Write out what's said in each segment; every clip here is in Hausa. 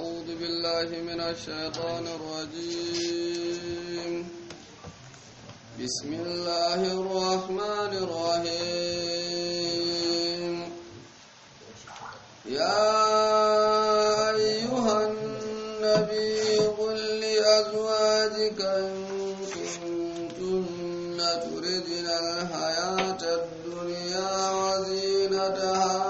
أعوذ بالله من الشيطان الرجيم بسم الله الرحمن الرحيم يا أيها النبي قل لأزواجك إن كنتن تردن الحياة الدنيا وزينتها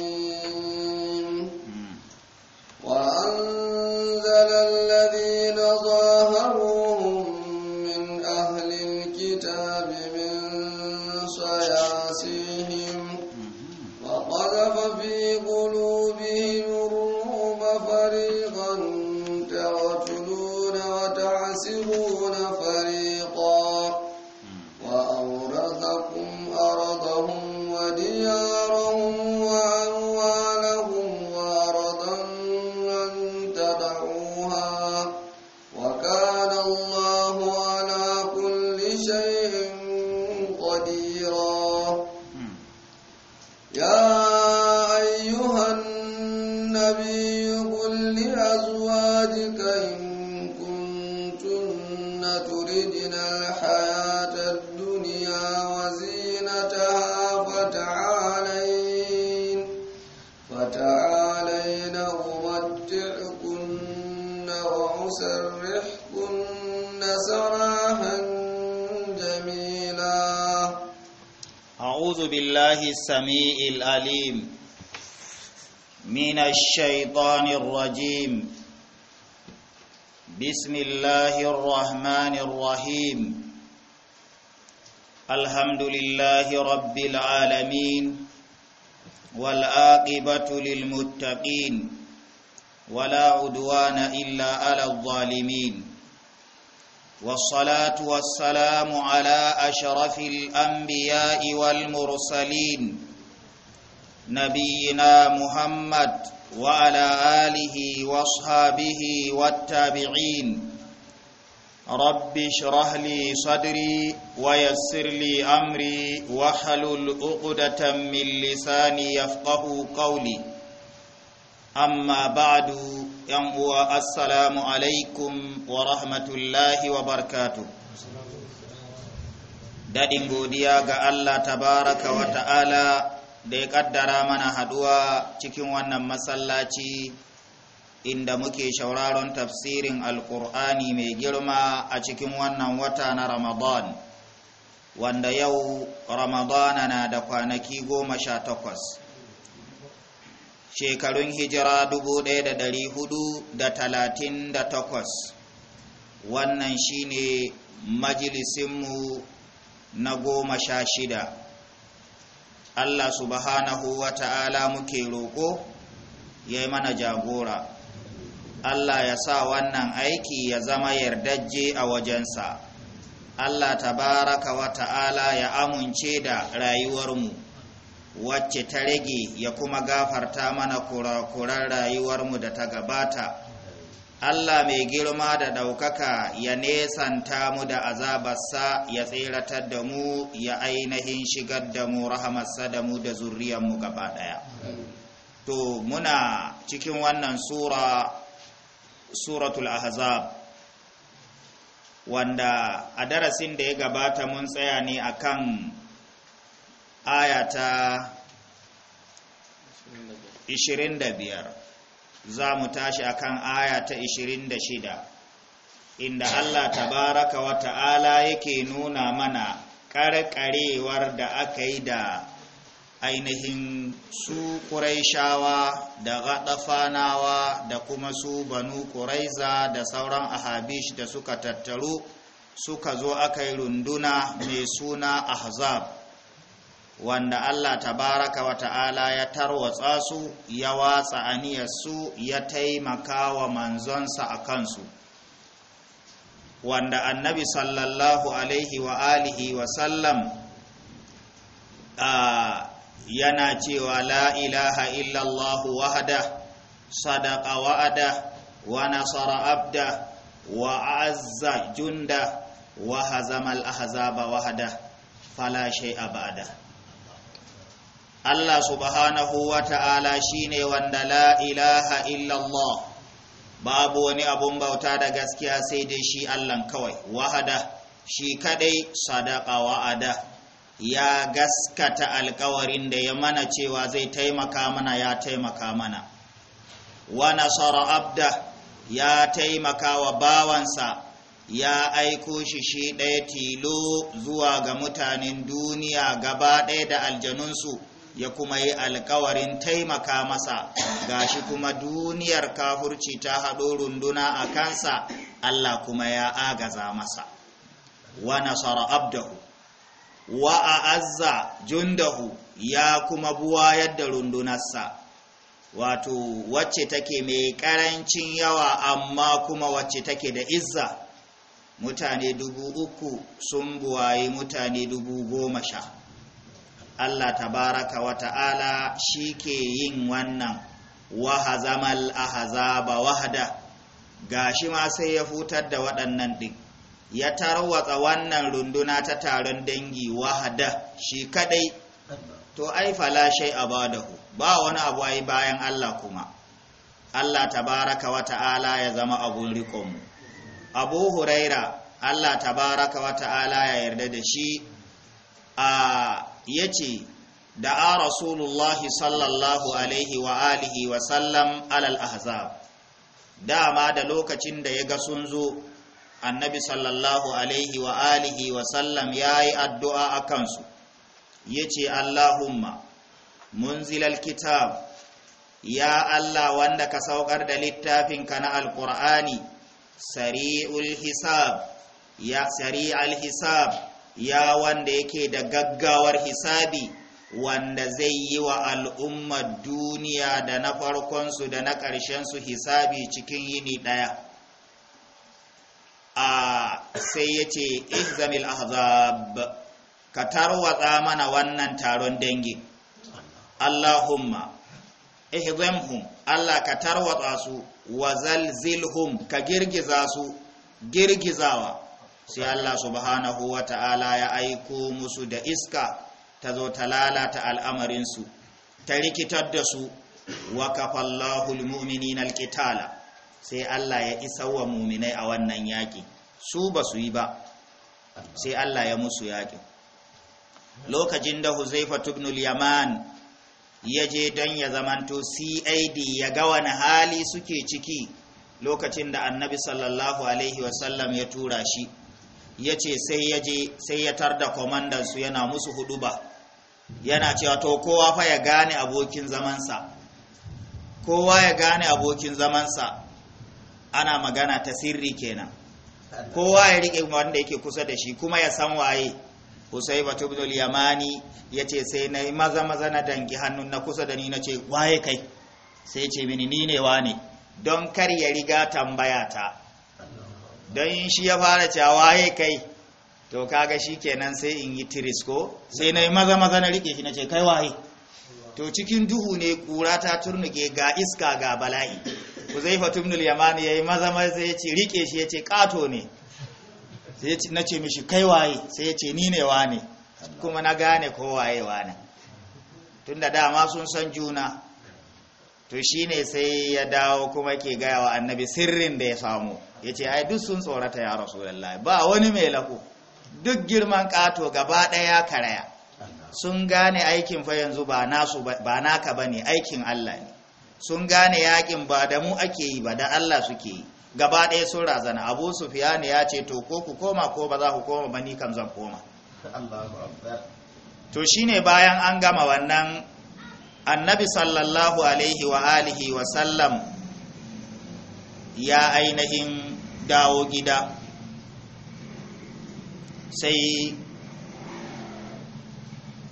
سرحكن سراها جَمِيلًا أعوذ بالله السميع الأليم من الشيطان الرجيم بسم الله الرحمن الرحيم الحمد لله رب العالمين والآقبة للمتقين ولا عدوان إلا على الظالمين والصلاة والسلام على أشرف الأنبياء والمرسلين نبينا محمد وعلى آله واصحابه والتابعين رب اشرح لي صدري ويسر لي أمري وحلل عقدة من لساني يفقه قولي amma ba'du yan uwa assalamu alaikum wa rahmatullahi wa barkatu daɗin godiya ga Allah tabaraka wa ta'ala da ya ƙaddara mana haɗuwa cikin wannan masallaci inda muke shauraron tafsirin alkur'ani mai girma a cikin wannan wata na ramadan wanda yau ramadana na da kwanaki goma sha takwas shekarun hijira dubu ɗaya da da da hudu talatin takwas, wannan shine majalisinmu na goma sha shida Allah subhanahu wa ta'ala muke roƙo ya yi mana jagora Allah ya sa wannan aiki ya zama yardajje a wajensa Allah tabaraka wa ta'ala ya amince da rayuwarmu wacce ta rage ya kuma gafarta mana kurakuran rayuwarmu da ta gabata Allah mai girma da ɗaukaka ya nesanta mu da azabarsa ya tseratar da mu ya ainihin shigar da mu rahamarsa da mu da mu gaba ɗaya to muna cikin wannan sura suratul ahzab wanda a darasin da ya gabata mun tsaya ne akan aya ta 25 za mu tashi akan aya ta 26 inda Allah tabaraka wa ta'ala yake nuna mana karkarewar da aka yi da ainihin su ƙuraishawa da gaɗafanawa da kuma su banu ƙuraiza da sauran ahabish da suka tattaru suka zo aka yi runduna mai suna ahzab wanda Allah tabaraka wa ta'ala ya tarwatsa su ya watsa aniyarsu ya taimaka wa manzonsa a kansu wanda annabi sallallahu alaihi wa alihi wa sallam a, yana cewa la ilaha illallahu wahda sadaka wa'ada wa nasara abda wa azza junda wa hazamal ahzaba wahda fala shay'a ba'da Allah subhanahu wa ta'ala shi ne wanda la ilaha illallah babu wani abun bauta da gaskiya sai dai shi allah kawai wahada shi kadai sadaka wa'ada ya gaskata alkawarin da ya mana cewa zai taimaka mana ya taimaka mana wa nasara abda ya taimaka wa bawansa ya aiko shi shi ɗaya tilo zuwa ga mutanen duniya gaba ɗaya da aljanunsu ya kuma yi alkawarin taimaka masa gashi kuma duniyar kafurci ta haɗo runduna a kansa Allah kuma ya agaza masa wa nasara abdahu wa a'azza jundahu ya kuma buwayar da rundunarsa wato wacce take mai ƙarancin yawa amma kuma wacce take da izza mutane dubu uku sun buwayi mutane dubu goma sha Allah tabaraka wa ta'ala shi ke yin wannan wahazamal ahazaba wahada shi ma sai ya futar da waɗannan ɗin ya tarwatsa wannan runduna ta taron dangi wahada shi kaɗai. to ai fala shay ku. ba wani abu ai bayan Allah kuma Allah tabaraka wa ta'ala ya zama abun riƙon mu Abu Huraira Allah tabaraka wa ta'ala ya yarda da shi a yace da'a rasulullahi sallallahu alaihi wa alihi wa sallam alal ahzab dama da lokacin da ya ga sun zo annabi sallallahu alaihi wa alihi wa sallam ya yi addu'a a kansu ya ce allahumma munzilal kitab ya allah wanda ka saukar da littafinka na alƙur'ani sari'ul hisab ya sari'al hisab ya wanda yake da gaggawar hisabi wanda zai yi wa al'ummar duniya da na farkonsu da na ƙarshensu hisabi cikin yini ɗaya a sai ya ce ihzamil ahzab ka tarwatsa mana wannan taron dangi allahumma ihzamhum allah ka tarwatsa su wa zalzilhum ka girgiza su girgizawa sai Allah subhanahu wa ta'ala ya aiko musu da iska ta zo ta lalata al'amarinsu ta rikitar da su wa kafallahu na alqitala sai Allah ya isa wa mu'minai a wannan yaƙi su ba su yi ba sai Allah ya musu yaƙi. lokacin da Huzaifa tubnul yaman ya je don ya zamanto CID ya ga wani hali suke ciki lokacin da Annabi sallallahu alaihi wasallam ya tura shi ya ce sai ya je sai ya tar da kwamandansu yana musu hudu ba yana cewa to kowa fa ya gane abokin zamansa kowa ya gane abokin zamansa ana magana ta sirri kenan kowa ya rike wanda yake kusa da shi kuma ya san waye Husai batu ibnul yamani ya ce sai na yi maza maza na dangi hannun na kusa da ni na ce waye kai sai ce mini ni ne wa ne don kar ya riga tambaya ta don shi ya fara cewa ya kai to kaga shi kenan sai in yi tirisko sai na yi maza maza na rike shi na ce kai waye to cikin duhu ne kura ta turnuke ga iska ga bala'i Ku zai huzaifa tumnul yamani yi maza maza ya ce rike shi ya ce kato ne sai na ce mishi kai waye sai ya ce ni ne wane kuma na gane ko waye wane tunda dama sun san juna to shine sai ya dawo kuma ke gaya wa annabi sirrin da ya samu ya ce ai duk sun tsorata ya rasulallah ba wani mai lahu duk girman kato gaba ɗaya karaya sun gane aikin fa yanzu ba naka ba ne. aikin Allah ne sun gane yakin ba da mu ake yi ba da Allah suke yi gaba ɗaya sun razana Abu ne ya ce to ko ku koma ko ba za ku koma ba ni kan zan koma to shine bayan an gama wannan annabi sallallahu alaihi wa alihi wa sallam ya ainihin dawo gida sai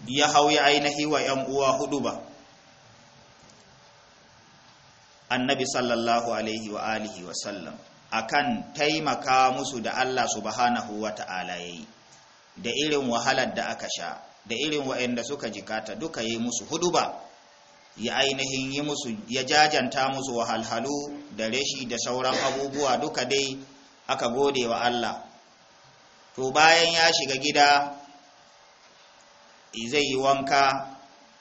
ya ya ainihi wa ‘yan uwa hudu ba annabi sallallahu alaihi wa alihi wa sallam akan taimaka musu da Allah subhanahu wa ta'ala ya yi da irin wahalar da aka sha da irin wa'anda suka jikata duka yi musu hudu ba ya ainihin yi musu ya jajanta musu wahalhalu da rashi da sauran abubuwa duka dai aka gode wa Allah to bayan ya shiga gida zai yi wanka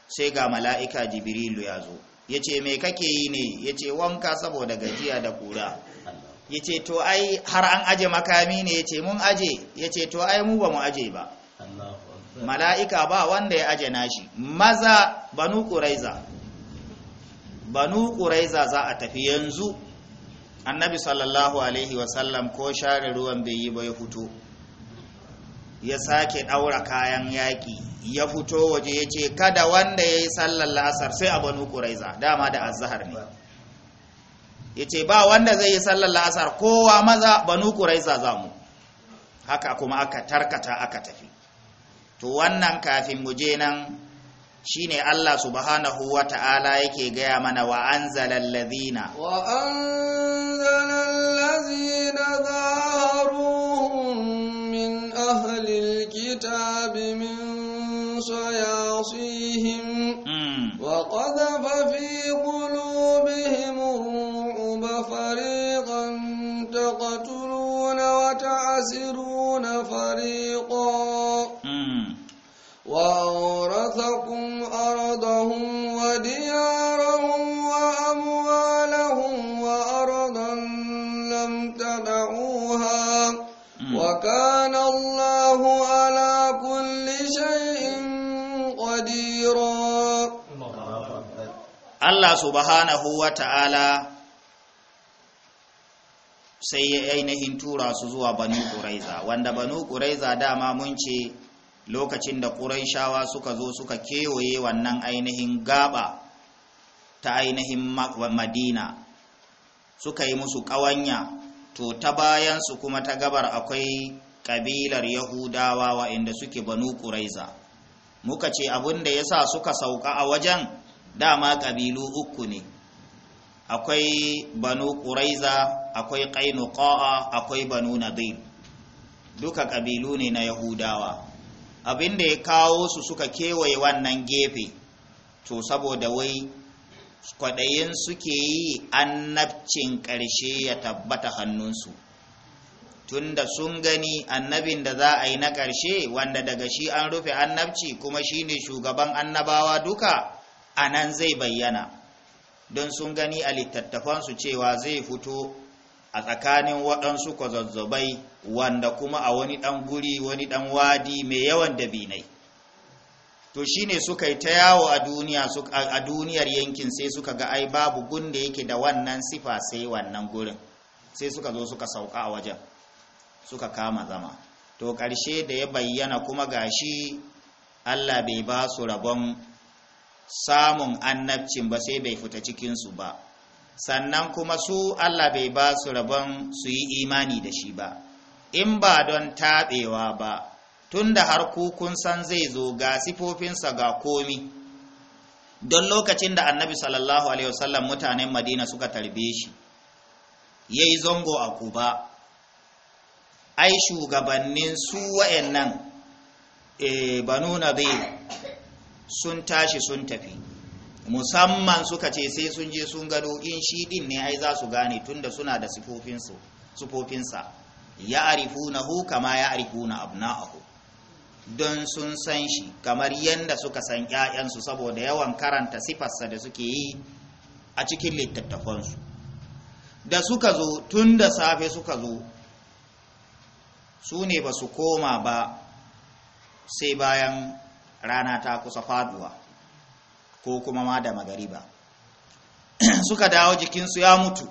sai ga mala'ika jibrilu ya zo ya ce mai kake yi ne ya ce wanka saboda gajiya da kura ya ce to ai har an aje makami ne ya ce mun aje ya ce to ai mu ba mu aje ba mala'ika ba wanda ya aje nashi maza banu ƙuraiza banu ƙuraiza za a tafi yanzu annabi sallallahu alaihi wasallam ko share ruwan bai yi ba ya fito ya sake ɗaura kayan yaƙi ya fito waje ya ce kada wanda ya yi sallar sai a banu ƙuraiza dama da azahar ne ya ce ba wanda zai yi sallar kowa maza banu ƙuraiza za mu haka kuma aka tarkata aka tafi to wannan kafin mu je nan shine Allah subhanahu wa ta'ala yake gaya mana wa anzalal ladhina wa anzalal ladhina dhaharuhum min ahli alkitabi min sayasihim hmm. wa qadhafa fi qulubihim ar-ru'b fariqan wa ta'siruna fariqan وأورثكم أرضهم وديارهم وأموالهم وأرضا لم تدعوها وكان الله على كل شيء قديرا الله سبحانه وتعالى sai ya ainihin tura su zuwa banu ƙuraiza wanda banu ƙuraiza dama mun ce lokacin da ƙuraishawa suka zo suka kewaye wannan ainihin gaba ta ainihin madina suka yi musu ƙawanya to ta bayansu kuma ta gabar akwai ƙabilar yahudawa inda suke banu ƙuraiza muka ce abin da ya sa suka sauka a wajen dama ƙabilu uku ne akwai banu ƙuraiza akwai ƙainuƙa'a akwai banu nadir duka ƙabilu ne na yahudawa Abin da ya kawo su suka kewaye wannan gefe to saboda wai kwaɗayin suke yi annabcin ƙarshe ya tabbata hannunsu tunda sun gani annabin da za a yi na ƙarshe wanda daga shi an rufe annabci kuma shi ne shugaban annabawa duka a nan zai bayyana don sun gani a littattafansu cewa zai fito a tsakanin waɗansu kwazazzabai wanda kuma a wani ɗan guri wani ɗan wadi mai yawan dabinai to shine suka yi ta yawo a a duniyar yankin sai suka ga ai babu gunda yake da wannan sifa sai wannan gurin sai suka zo suka sauka a wajen suka kama zama to ƙarshe da ya bayyana kuma gashi Allah bai ba su rabon samun annabcin ba sai bai fita cikinsu ba sannan kuma su Allah bai ba su rabon su yi imani da shi ba in ba don taɓewa ba tun da har kukun san zai zo ga sifofinsa ga komi don lokacin da annabi sallallahu alaihi wasallam mutanen madina suka tarbe shi ya yi zango a kuba ai shugabannin su wa'annan e, banu bai, sun tashi sun tafi musamman suka ce sai sun je sun gado in shi din ne ai za su gane tunda suna da sifofinsa Ya ya'rifunahu kama ya'rifuna abna'ahu don sun san shi kamar yadda suka san ƴaƴansu saboda yawan karanta sifarsa da suke yi a cikin littattafansu da suka zo tun da safe suka zo su ne ba su koma ba sai bayan rana ta kusa faduwa ko kuma ma da magariba suka dawo jikinsu ya mutu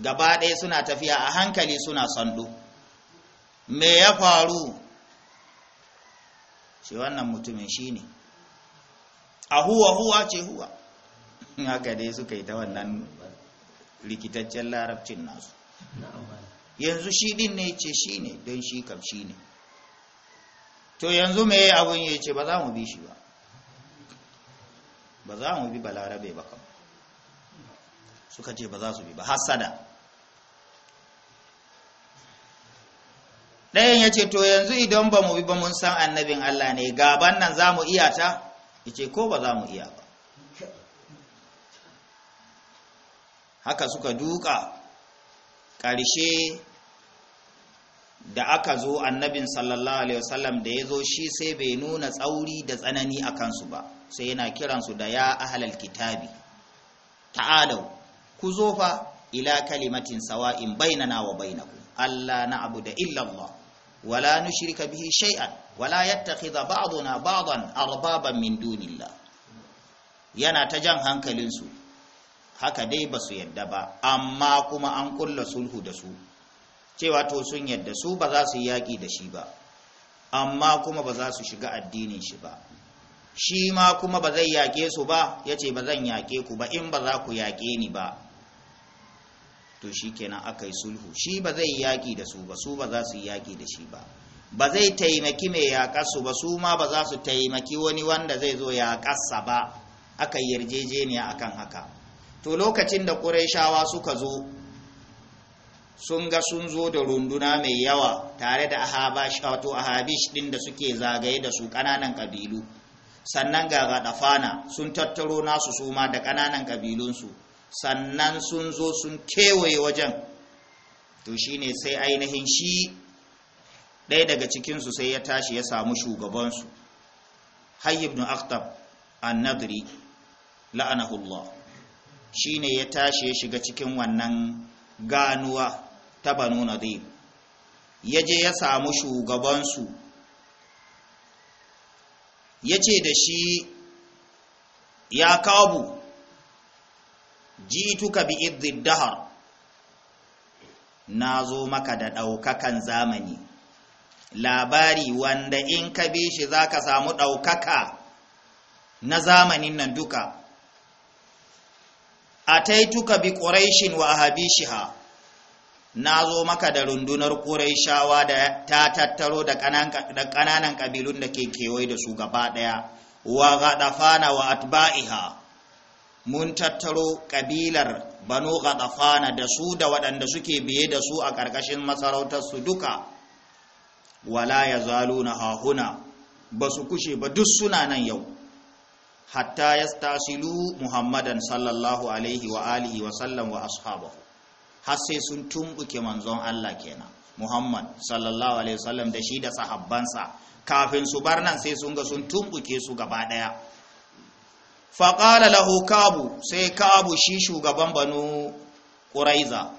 gaba ɗaya suna tafiya a hankali suna sandu me ya faru shi wannan mutumin shi ne a huwa huwa ce huwa haka dai suka yi ta wannan rikitaccen larabcin nasu yanzu shi din ne ce shi ne don shi kam shi ne to yanzu me abun ya ce ba za mu bi shi ba ba za mu bi balarabe ba kam suka ce ba za su bi ba hasada ɗayan ya ce to yanzu idan ba mu bi ba mun san annabin Allah ne gaban nan za mu iya ta ya ce ko ba za mu iya ba haka suka duka ƙarshe da aka zo annabin sallallahu alaihi wasallam da ya zo shi sai bai nuna tsauri da tsanani a kansu ba sai yana kiransu da ya ahalal kitabi ta'alau ku zo fa ila kalimatin sawa'in bainana wa bainakum Allah na abu da illallah wala nushrika bihi shay'an wala yattakhidha ba'duna ba'dan arbaban min dunillah yana ta jan hankalin su haka dai ba su yadda ba amma kuma an kulla sulhu da su cewa to sun yadda su ba za su yaƙi da shi ba amma kuma ba za su shiga addinin shi ba shi ma kuma ba zai yaƙe su ba ya ce ba zan yaƙe ku ba in ba za ku yaƙe ni ba to shi kenan aka yi sulhu shi ba zai yaƙi da su ba su ba za su yi yaƙi da shi ba ba zai taimaki mai yaƙar su ba su ma ba za su taimaki wani wanda zai zo yaƙarsa ba aka yarjejeniya akan haka to lokacin da ƙuraishawa suka zo sun ga sun zo da runduna mai yawa tare da ahabash wato ahabish ɗin da suke zagaye da su ƙananan ƙabilu sannan ga gadafana sun tattaro nasu suma da ƙananan ƙabilunsu sannan sun zo sun kewaye wajen to shi ne sai ainihin shi ɗaya daga cikinsu sai ya tashi ya samu shugabansu hayy ibn aktab annadri la'anahullah ne ya tashi ya shiga cikin wannan ganuwa ta banu nadi ya je ya samu shugabansu ya ce da shi ya kabu jituka bi idzid dahar nazo maka da daukakan zamani labari wanda in ka bi shi zaka samu daukaka na zamanin nan duka ataituka bi quraishin wa ahabishiha nazo maka da rundunar quraishawa da ta tattaro da ƙananan kabilun da ke kewaye da su gaba ɗaya. wa gadafana wa atba'iha mun tattaro kabilar banu gadafana da su da waɗanda suke biye da su a ƙarƙashin masarautarsu duka wala ya zalu na hahuna ba su kushe ba duk suna nan yau hatta ya stasilu muhammadan sallallahu alaihi wa alihi wa sallam wa ashabahu har sai sun tumbuke manzon Allah kenan muhammad sallallahu alaihi wa sallam da shi da sahabbansa kafin su bar nan sai sun ga sun tumbuke su gaba ɗaya faƙala lahu kabu sai kabu shi shugaban banu ƙuraiza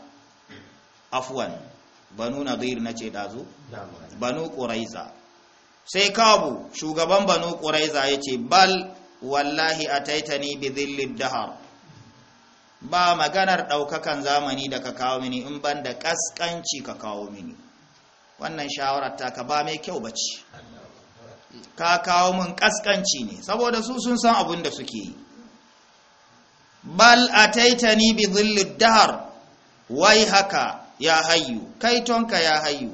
afuwan banu na nadir na ce ɗazu banu ƙuraiza sai kabu shugaban banu ƙuraiza ya ce bal wallahi a taitani bi zillin dahar ba maganar ɗaukakan zamani da ka kawo mini in ban da ƙasƙanci ka kawo mini wannan shawarar ta ka ba mai kyau bace. ka kawo mun kaskanci ne saboda su sun san abin da suke yi bal ataitani bi dhillid dahr wai haka ya hayyu kai tonka ya hayyu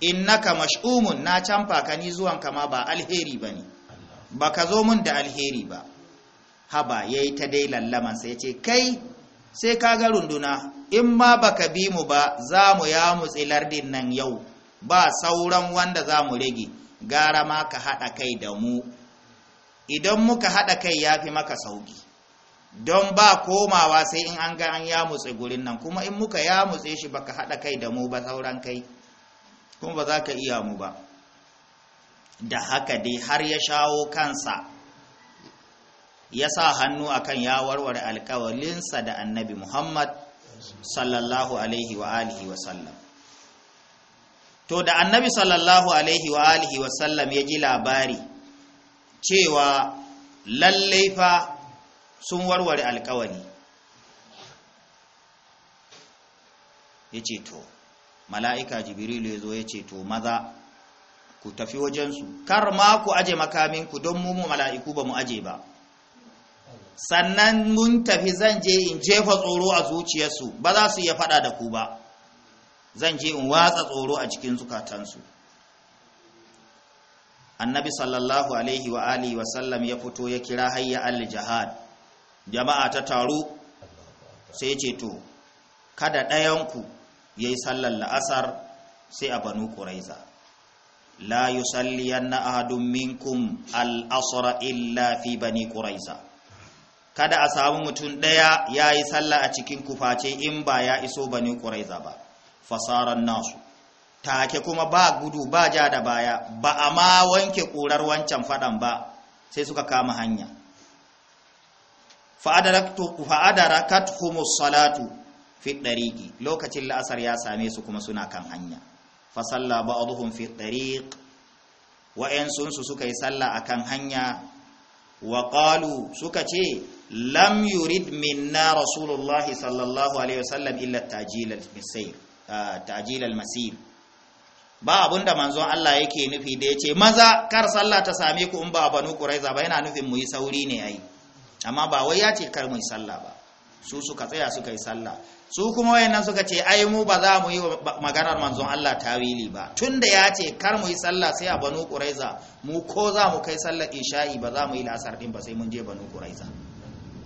innaka mash'umun na canfa ka ni zuwan kama ba alheri bane baka zo mun da alheri ba haba yayi ta dai lallaman sai ce kai sai ka ga runduna in ma baka bi mu ba za mu ya mutsi lardin nan yau ba sauran wanda za mu rage gara ma ka haɗa kai da mu idan muka haɗa kai ya fi maka sauki don ba komawa sai in an ga an mutse gurin nan kuma in muka ya mutse shi baka haɗa kai da mu ba sauran kai kuma ba za ka iya mu ba da haka dai har ya shawo kansa ya sa hannu akan ya warware alkawalinsa da annabi muhammad sallallahu alaihi wa alihi wa to da annabi sallallahu alaihi wa alihi wa sallam ya ji labari cewa lallai fa sun warware alkawari ya ce to mala'ika jibrilu ya zo ya ce to maza ku tafi wajensu kar ma ku aje makaminku don mu mala'iku ba mu aje ba sannan mun tafi zan je in jefa tsoro a zuciyarsu ba za su iya fada da ku ba zan je in watsa tsoro a cikin zukatansu annabi sallallahu alaihi wa alihi wa sallam ya fito ya kira hayya al-jihad jama'a ta taru sai ce to kada ɗayanku ya yi sallar la'asar sai a banu ƙuraiza la yi na ahadun minkum al'asura illa fi bani ƙuraiza kada a samu mutum ɗaya ya yi sallar a cikin kuface in ba ya iso bani ƙuraiza ba fasaran nasu take kuma ba gudu ba ja da baya ba a ma wanke ƙurar wancan faɗan ba sai suka kama hanya fa'adarakat humus salatu fi ɗariƙi lokacin la'asar ya same su kuma suna kan hanya fasalla ba a duhun fi ɗariƙ wa'yansunsu suka yi salla a kan hanya wa ƙalu suka ce lam yurid minna rasulullahi sallallahu alaihi wasallam illa tajilal misayir ta'jil al-masir ba abunda manzon Allah yake nufi da yace maza kar sallah ta same ku in ba banu quraiza ba yana nufin mu yi sauri ne ai amma ba wai ya kar mu yi sallah ba su suka tsaya suka yi sallah su kuma wayannan suka ce ai mu ba za mu yi maganar manzon Allah tawili ba tunda ya ce kar mu yi sallah sai a banu quraiza mu ko za mu kai sallar isha'i ba za mu yi lasar din ba sai mun je banu quraiza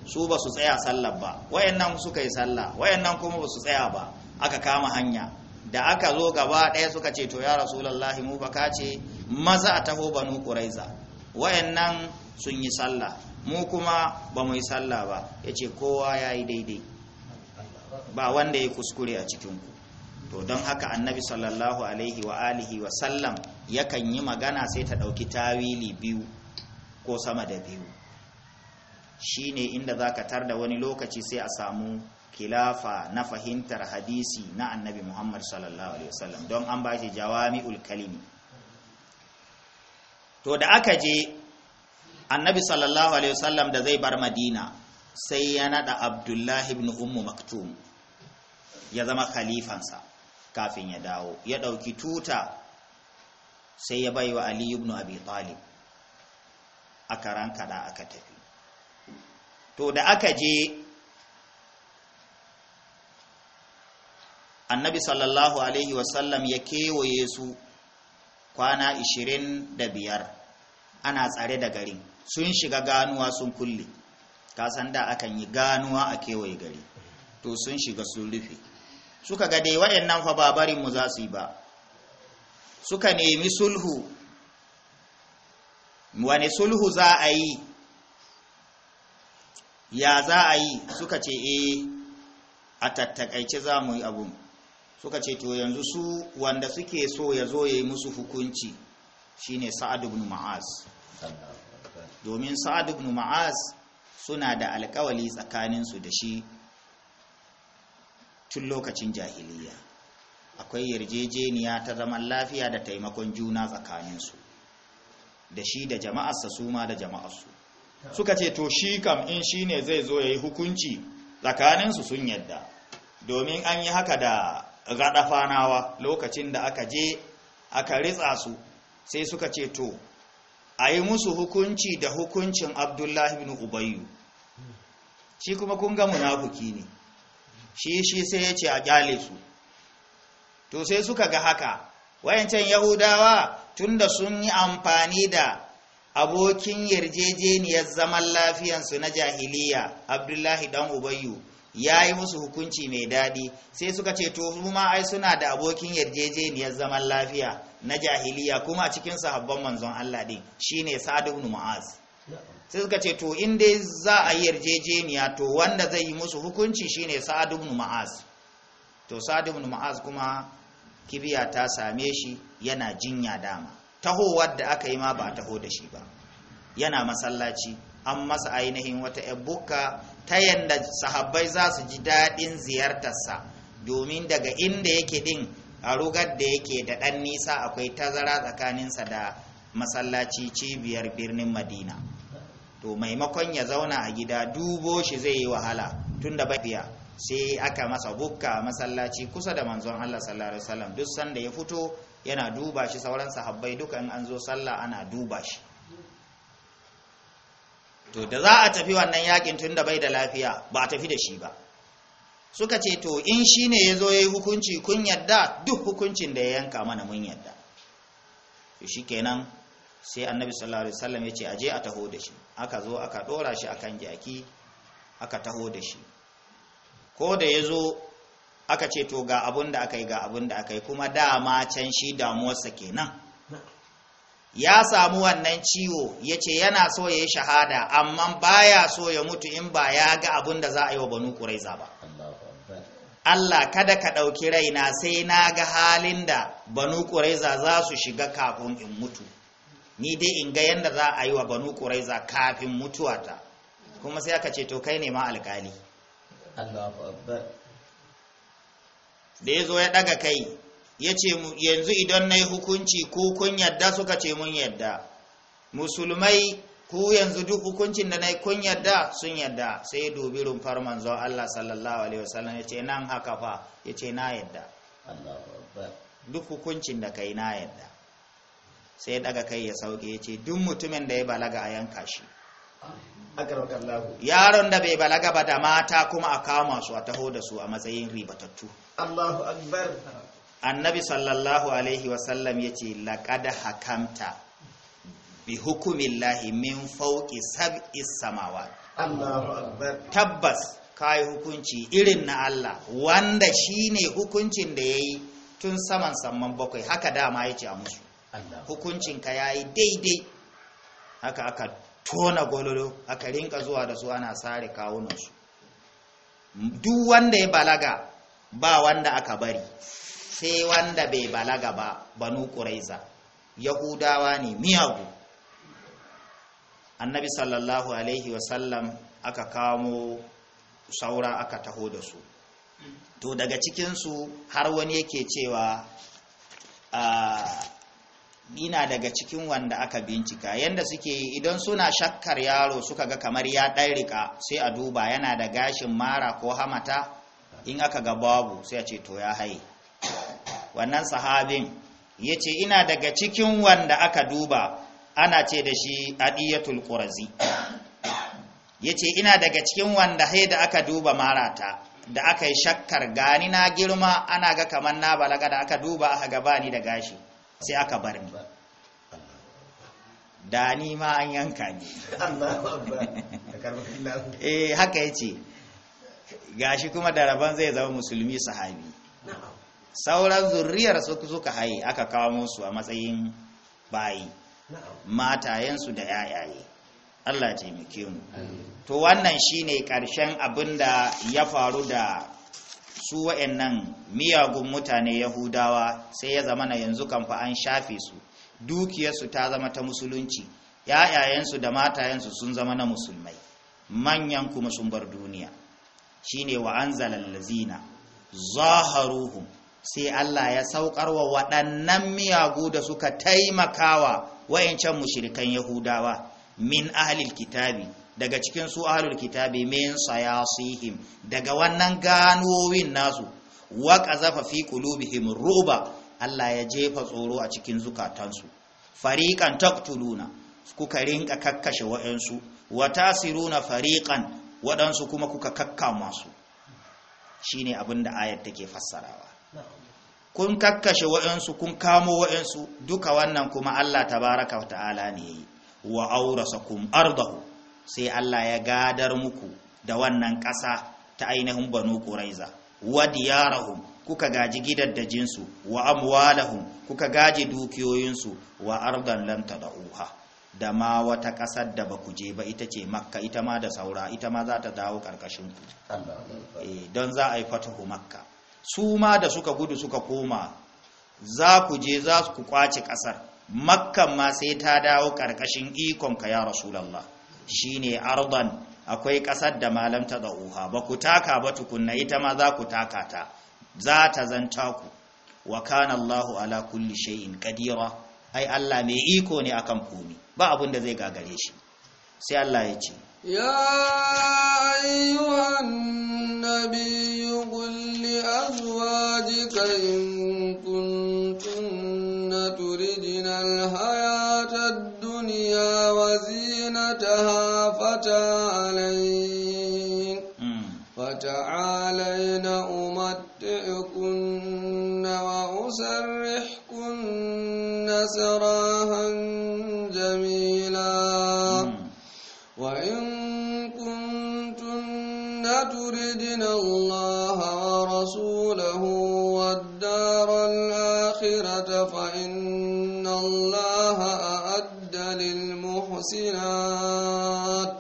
su ba su tsaya sallah ba wayannan suka yi sallah wayannan kuma ba su tsaya ba aka kama hanya da aka zo gaba ɗaya suka ce to ya lallahi mu baka ce maza a taho banu quraiza wayannan sun yi sallah mu kuma ba mu yi sallah ba yace kowa yayi daidai ba wanda ya kuskure a cikin ku to don haka annabi sallallahu alaihi wa alihi wa sallam yakan yi magana sai ta ɗauki tawili biyu ko sama da biyu shine inda za ka tar da wani lokaci sai a samu kilafa na fahimtar hadisi na annabi muhammad sallallahu alaihi wasallam don an ba shi jawami ulkalimi to da aka je annabi sallallahu alaihi wasallam da zai bar madina sai ya nada abdullahi ibn ummu maktum ya zama khalifansa kafin ya dawo ya dauki tuta sai ya bai wa ali ibn abi talib aka kada aka tafi to da aka je annabi sallallahu alaihi wasallam ya kewaye su kwana 25 ana tsare da garin sun shiga ganuwa sun kulle kasan da akan yi ganuwa a kewaye gari to sun shiga sun rufe suka ga dai waɗannan fa babarin mu za su yi ba suka nemi sulhu Wani sulhu za a yi ya za a yi suka ce e a tattakaice za mu yi abun suka ce to yanzu su wanda suke so ya zo ya yi musu hukunci shine ne ibn ma'az domin sa'ad ibn ma'az suna da alkawali tsakaninsu da shi tun lokacin jahiliya akwai yarjejeniya ta zaman lafiya da taimakon juna tsakaninsu da shi da jama'arsa su ma da jama'arsu suka ce to shi kam in shi ne zai zo ya yi hukunci tsakaninsu sun yadda domin an yi haka da raɗafanawa lokacin da aka je aka ritsa su sai suka ce to a yi musu hukunci da hukuncin abdullahi bin Ubayu. shi kuma kun ga munafuki ne shi shi sai ya ce a kyale su to sai suka ga haka wayancan yahudawa tunda sun yi amfani da abokin yarjejeniyar zaman lafiyansu na jahiliya abdullahi dan ubayyu ya yi musu hukunci mai daɗi sai suka ce to ma ai suna da abokin yarjejeniyar zaman lafiya na jahiliya kuma a cikin sahabban manzon Allah din shine Sa'ad ibn Mu'az sai suka ce to in dai za a yi yarjejeniya to wanda zai yi musu hukunci shine Sa'ad ibn Mu'az to Sa'ad ibn Mu'az kuma kibiya ta same shi yana jinya dama tahowar da aka yi ma ba a taho da shi ba yana masallaci an masa ainihin wata ebuka ta yadda sahabbai za su ji daɗin ziyartarsa domin daga inda yake ɗin a rugar da yake da ɗan nisa akwai tazara tsakaninsa da masallaci cibiyar birnin madina to maimakon ya zauna a gida dubo shi zai yi wahala tun da biya sai aka masa bukka masallaci kusa da manzon allah sallallahu alaihi wasallam duk sanda ya fito yana duba shi sauran sahabbai duka in an zo sallah ana duba shi to da za a tafi wannan yakin tun da bai da lafiya ba a tafi da shi ba suka ce to in shi ne ya zo ya yi hukunci kun yadda duk hukuncin da ya yanka mana mun yadda to shi kenan sai annabi sallallahu alaihi wasallam ya ce a je a taho da shi aka zo aka dora shi akan jaki aka taho da shi ko da ya zo aka ce to ga abun da aka yi ga abun da aka yi kuma dama can shi damuwarsa kenan ya samu wannan ciwo ya ce yana so ya yi shahada amma baya so ya mutu in ba ya ga abun da za a yi wa banu kuraiza ba Allah kada ka ɗauki raina sai na ga halin da banu kuraiza za su shiga kafin in mutu ni dai in ga yadda za a yi wa banu kuraiza kafin mutuwata kuma sai aka ce to kai ne ma alkali da ya zo ya ɗaga kai ya ce yanzu idan na yi hukunci ku kun yadda suka ce mun yadda musulmai ku yanzu duk hukuncin da na yi kun yadda sun yadda sai ya dubi rumfar manzo Allah sallallahu alaihi wasallam ya ce nan haka fa ya ce na yadda duk hukuncin da kai na yadda sai ya ɗaga kai ya sauke ya ce duk mutumin da ya balaga a yanka shi yaron da bai balaga ba da mata kuma a kama su a taho da su a matsayin ribatattu annabi sallallahu alaihi wasallam ya ce laƙada hakamta bi hukumillahi min fauki sab'i samawa tabbas ka yi hukunci irin na Allah wanda shi ne hukuncin da ya yi tun saman saman bakwai haka dama yace a musu hukuncin ka yayi daidai haka aka tona gololo aka rinka zuwa da su ana sare kawunansu duk wanda ya balaga ba wanda aka bari sai wanda bai balaga ba banu ƙuraiza yahudawa ne miyagu annabi sallallahu alaihi wasallam aka kamo saura aka taho da su to daga cikinsu har wani yake cewa a ah, ina daga cikin wanda aka bincika yanda suke yi idan suna shakkar yaro suka ga kamar ya ɗarika sai a duba yana da gashin mara ko hamata in aka ga babu sai a ce to ya haye wannan sahabin ya ce ina daga cikin wanda aka duba ana ce da shi adiyatul qurazi ya ce ina daga cikin wanda hai da aka duba marata da aka yi shakkar gani na girma ana ga kamar na balaga da aka duba aka gaba da gashi sai aka bar ni da ni ma an yanka ni eh haka yace gashi kuma da rabon zai zama musulmi sahabi sauran zuriyar su suka haye aka kawo musu a matsayin bayi matayensu da yayaye Allah taimake mu to wannan shine karshen abinda ya faru da su wa'annan miyagun mutane yahudawa sai ya zamana yanzu kamfa an shafe su dukiyarsu ta zama ta musulunci ‘ya'yayensu da matayensu sun zama na musulmai manyan kuma sun bar duniya shi ne wa an zaharuhum sai Allah ya saukar wa waɗannan miyagu da suka taimakawa wa'yancan mushirikan yahudawa min ahlil kitabi daga cikin su ahlul kitabi min sayasihim daga wannan ganowin nasu wa qazafa fi qulubihim ru'ba Allah ya jefa tsoro a cikin zukatansu fariqan taqtuluna kuka rinka kakkashe wa'ansu wa tasiruna fariqan wadansu kuma kuka kakkama su shine abinda ayat take fassarawa kun kakkashe wa'ansu kun kamo wa'ansu duka wannan kuma Allah tabaraka wa ta'ala ne yi wa aurasakum ardahu sai Allah ya gadar muku da wannan ƙasa ta ainihin banu ƙuraiza wa diyarahum kuka gaji gidaddajinsu wa amwalahum kuka gaji dukiyoyinsu wa ardan lam tadauha da ma wata ƙasar da baku je ba ita ce makka ita ma da saura ita ma za ta dawo ƙarƙashin ku eh, don za a yi fatahu makka su ma da suka gudu suka koma za ku je za ku kwace ƙasar makkan ma sai ta dawo ƙarƙashin ikonka ya rasulallah shine Arban, akwai ƙasar da malam ta da'uha ba ku taka ba tukunna ita ma za ku taka ta za ta zanta ku wa kana Allahu ala kulli shay'in qadira ai Allah mai iko ne akan komi ba abun da zai gagare shi sai Allah ya ce ya ayyuhan nabiyyu qul li azwajika in kuntum زينتها فتعالين فتعالين أمتعكن وأسرحكن سراها جميلا وإن كنتن تردن الله ورسوله المحسنات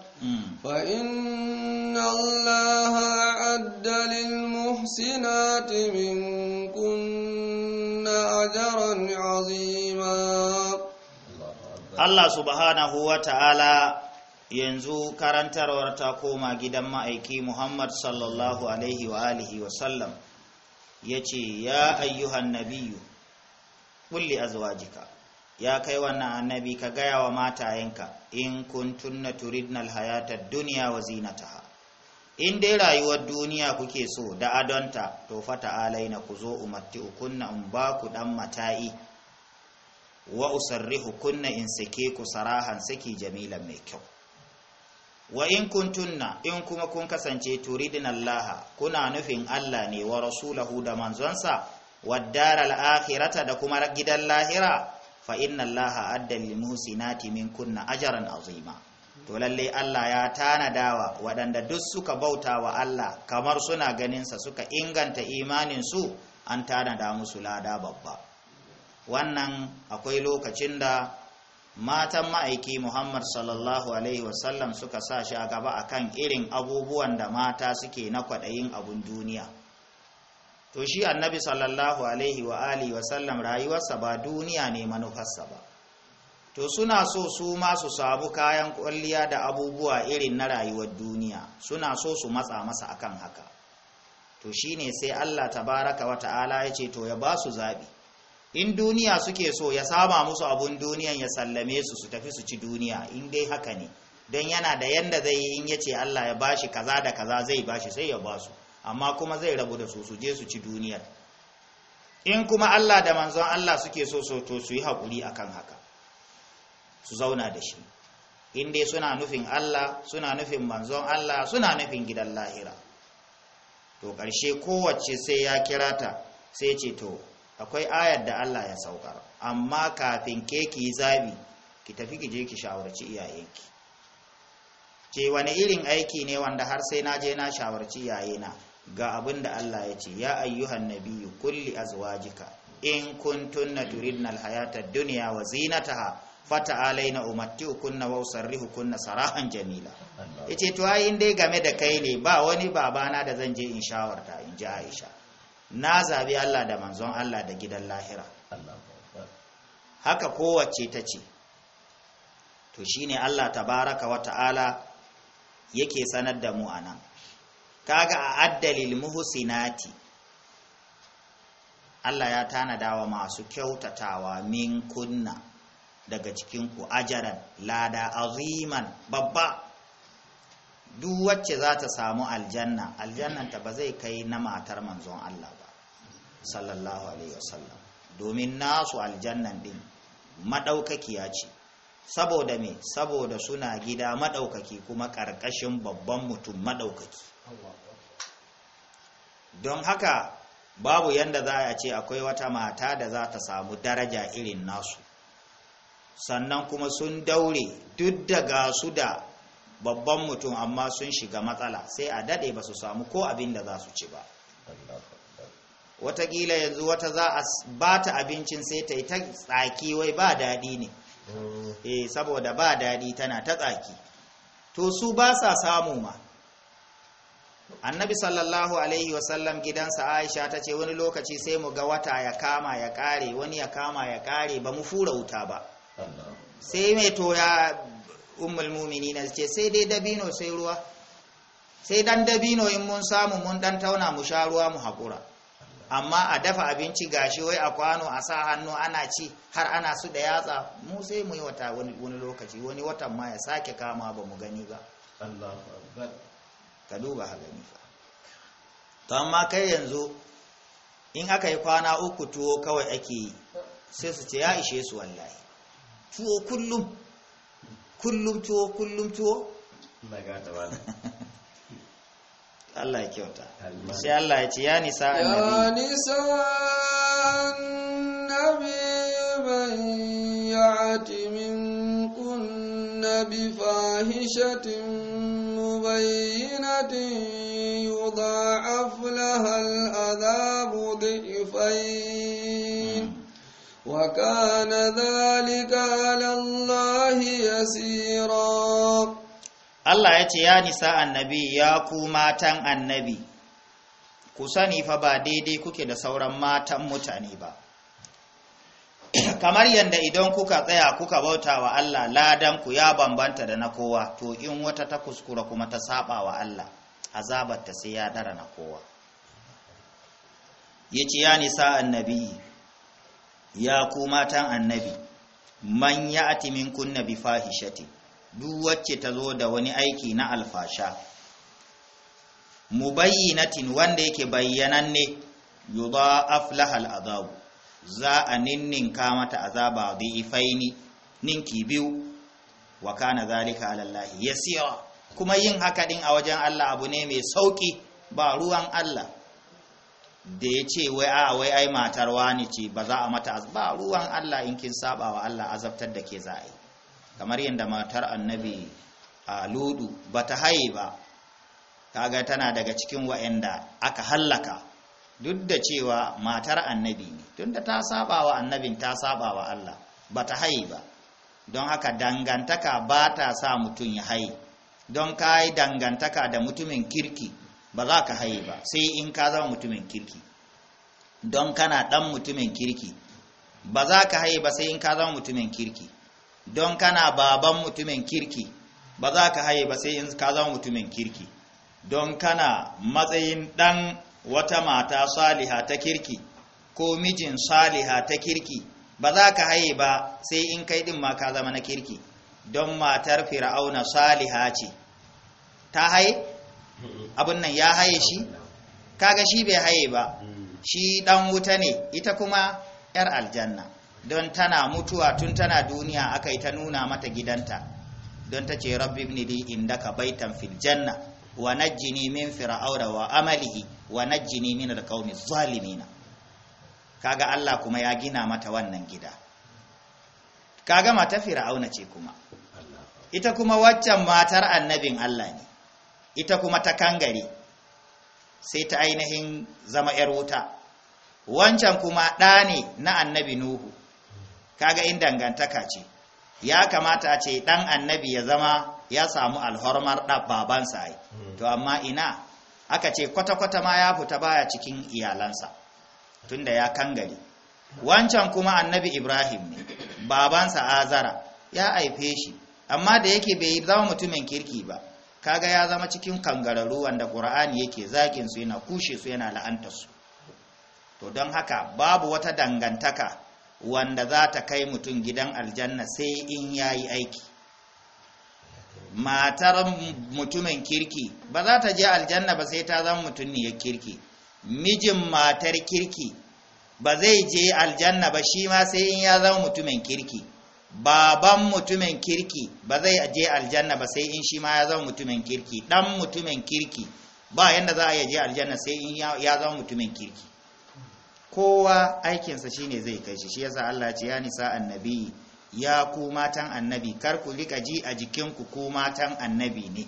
فإن الله أعد للمحسنات منكن أجرا Allah subhanahu wa ta'ala yanzu karantarwar ta koma gidan ma'aiki Muhammad sallallahu Alaihi wa alihi wasallam ya ce, Ya ayyuhan nabiyu, kulli azwajika ya kai wannan annabi ka gaya wa matayenka in kuntunna turidna alhayata dunya wa zinataha in dai rayuwar duniya kuke so da adonta to fa alaina ku zo umatti ukunna in ba ku dan mata'i wa usarrihu kunna in sake ku sarahan saki jamilan mai kyau wa in kuntunna in kuma kun kasance turidna allaha kuna nufin Allah ne wa rasulahu da manzonsa wa daral akhirata da kuma gidan lahira fa inna allaha adda lil muhsinati min kunna ajaran azima to lalle Allah ya tanadawa waɗanda duk suka bauta wa Allah kamar suna ganinsa suka inganta imanin su an tanada musu lada babba wannan akwai lokacin da matan ma'aiki Muhammad sallallahu Alaihi wasallam suka sa shi a gaba akan irin abubuwan da mata suke na kwaɗayin abun duniya to shi annabi sallallahu alaihi wa alihi wa sallam rayuwarsa ba duniya ne manufarsa ba to suna so su ma su sabu kayan kwalliya da abubuwa irin na rayuwar duniya suna so su matsa masa akan haka to shine sai Allah tabaraka wa ta'ala ya ce to ya ba su zabi in duniya suke so ya saba musu abun duniyan ya sallame su su tafi su ci duniya in dai haka ne don yana da yanda zai yi in ya ce Allah ya bashi kaza da kaza zai bashi sai ya ba su. amma kuma zai rabu da su su je su ci duniyar in kuma Allah da manzon Allah suke so so to su yi haƙuri akan haka su zauna da shi in dai suna nufin Allah suna nufin manzon Allah suna nufin gidan lahira to ƙarshe kowace sai ya kira ta sai ce to akwai ayar da Allah ya saukar amma kafin ke ki zabi ki tafi ki je ki shawarci iyayenki ke wani irin aiki ne wanda har sai na je na shawarci iyayena ga abin da Allah ya ce ya ayyuhan nabiyyu kulli azwajika in kuntunna turidna alhayata ad-dunya wa zinataha fata'alaina kunna wa kunna sarahan jamila yace to ai dai game da kai ne ba wani babana da zan je in shawarta in ji Aisha na zabi Allah da manzon Allah da gidan lahira haka kowace ta ce to shine Allah tabaraka wa ta'ala yake sanar da mu anan kaga a addalil muhsinati Allah ya tanada wa masu kyautatawa min kunna daga ku ajaran lada aziman babba duk wacce za ta samu aljanna aljannan ta ba zai kai na matar manzon Allah ba sallallahu alaihi wasallam domin nasu aljannan din madaukakiya ce saboda me saboda suna gida madaukaki kuma karkashin babban mutum madaukaki don haka babu yanda za a ce akwai wata mata da za ta samu daraja irin nasu sannan kuma sun daure duk da ga su da babban mutum amma sun shiga matsala sai a dade ba su samu ko abin da za su ci ba watakila yanzu wata za a ba ta abincin sai ta yi ta tsaki wai ba daɗi ne mm. eh, saboda ba daɗi tana ta tsaki to su ba sa samu ma annabi sallallahu alaihi wasallam gidansa aisha ta ce wani lokaci sai mu ga wata ya kama ya kare wani ya kama ya kare ba mu fura wuta ba sai mai toya ummul na ce sai dai dabino sai ruwa sai dan dabino in mun samu mun dan tauna mu sha ruwa mu haƙura amma a dafa abinci gashi wai a kwano a sa hannu ana ci har ana su da yatsa mu sai mu yi wata wani lokaci wani watan ma ya sake kama ba mu gani ba ka duba ha fa to amma kai yanzu in aka yi kwana uku tuwo kawai ake yi sai su ce ya ishe su wallahi tuwo kullum kullum tuwo kullum tuwo Allah ya kyauta sai Allah ya ce ya nisa annabi ya nisa annabi man ya'ti min kun nabi fahishatin بينة يضاعف لها العذاب ضعفين وكان ذلك على الله يسيرا Allah ya ce ya nisa annabi ya ku matan annabi ku sani fa ba daidai kuke da sauran matan mutane ba kamar yadda idan kuka tsaya kuka bauta wa Allah ladanku ya bambanta da na kowa to in wata ta kuskura kuma ta saba wa Allah azabarta sai ya dara na kowa ce ya nisa annabi ya ku matan annabi man min kunna bi fahishati duk wacce ta zo da wani aiki na alfasha mubayyinatin wanda yake bayyananne yudha Aflahal azabu za a ninninka mata azaba dhifaini ninki biyu wa kana zalika ala Allah yasira kuma yin haka din a wajen Allah abu ne mai sauki ba ruwan Allah da ya ce wai a wai ai matar wani ce ba za a mata ba ruwan Allah in kin saba wa Allah azabtar da ke za kamar yadda matar annabi a ludu ba ta haye ba kaga tana daga cikin wa'anda aka hallaka duk da cewa matar annabi ne tunda ta saba wa annabin ta saba wa Allah ba ta haye ba don haka dangantaka ba ta sa mutum ya haye don ka yi dangantaka da mutumin kirki ba za ka haye ba sai in ka zama mutumin kirki don kana ɗan mutumin kirki ba za ka haye ba sai in ka zama mutumin kirki don kana baban mutumin kirki ba za ka haye ba sai in ka zama mutumin kirki don kana matsayin ɗan wata mata saliha ta kirki ko mijin saliha ta kirki ba za ka haye ba sai in kai din ma ka zama na kirki don matar fir'auna saliha ce ta haye abin nan ya haye shi kaga shi bai haye ba shi dan wuta ne ita kuma yar aljanna don tana mutuwa tun tana duniya aka yi ta nuna mata gidanta don ta ce rabbi ibn li indaka baitan fil janna wa najjini min fir'auna wa amalihi wa najjini min alqaumi zalimina kaga Allah kuma ya gina mata wannan gida kaga mata fir'auna ce kuma ita kuma waccan matar annabin Allah ne ita kuma ta kangare sai ta ainihin zama ‘yar wuta, wancan kuma ɗa ne na annabi Nuhu, kaga in dangantaka ce, ya kamata a ce ɗan annabi ya zama ya samu alhormar da babansa ai to amma ina aka ce kwata-kwata ma ya fita baya cikin iyalansa tunda ya kangare wancan kuma annabi ibrahim ne babansa azara ya haife shi amma da yake bai zama mutumin kirki ba kaga ya zama cikin kangararru wanda qur'ani yake zakin su yana kushe su yana la'anta su to don haka babu wata dangantaka wanda za ta kai mutum gidan aljanna sai in yayi aiki matar mutumin kirki ba za ta je aljanna ba sai ta zama ya kirki mijin matar kirki ba zai je aljanna ba shi ma sai in ya zama mutumin kirki baban mutumin kirki ba zai je aljanna ba sai in shi ma ya zama mutumin kirki dan mutumin kirki ba yanda za a je aljanna sai in ya zama mutumin kirki kowa aikinsa shine zai kai shi shi yasa Allah ya ce ya nisa annabi ya ku matan annabi kar ku rika ji a jikinku ku matan annabi ne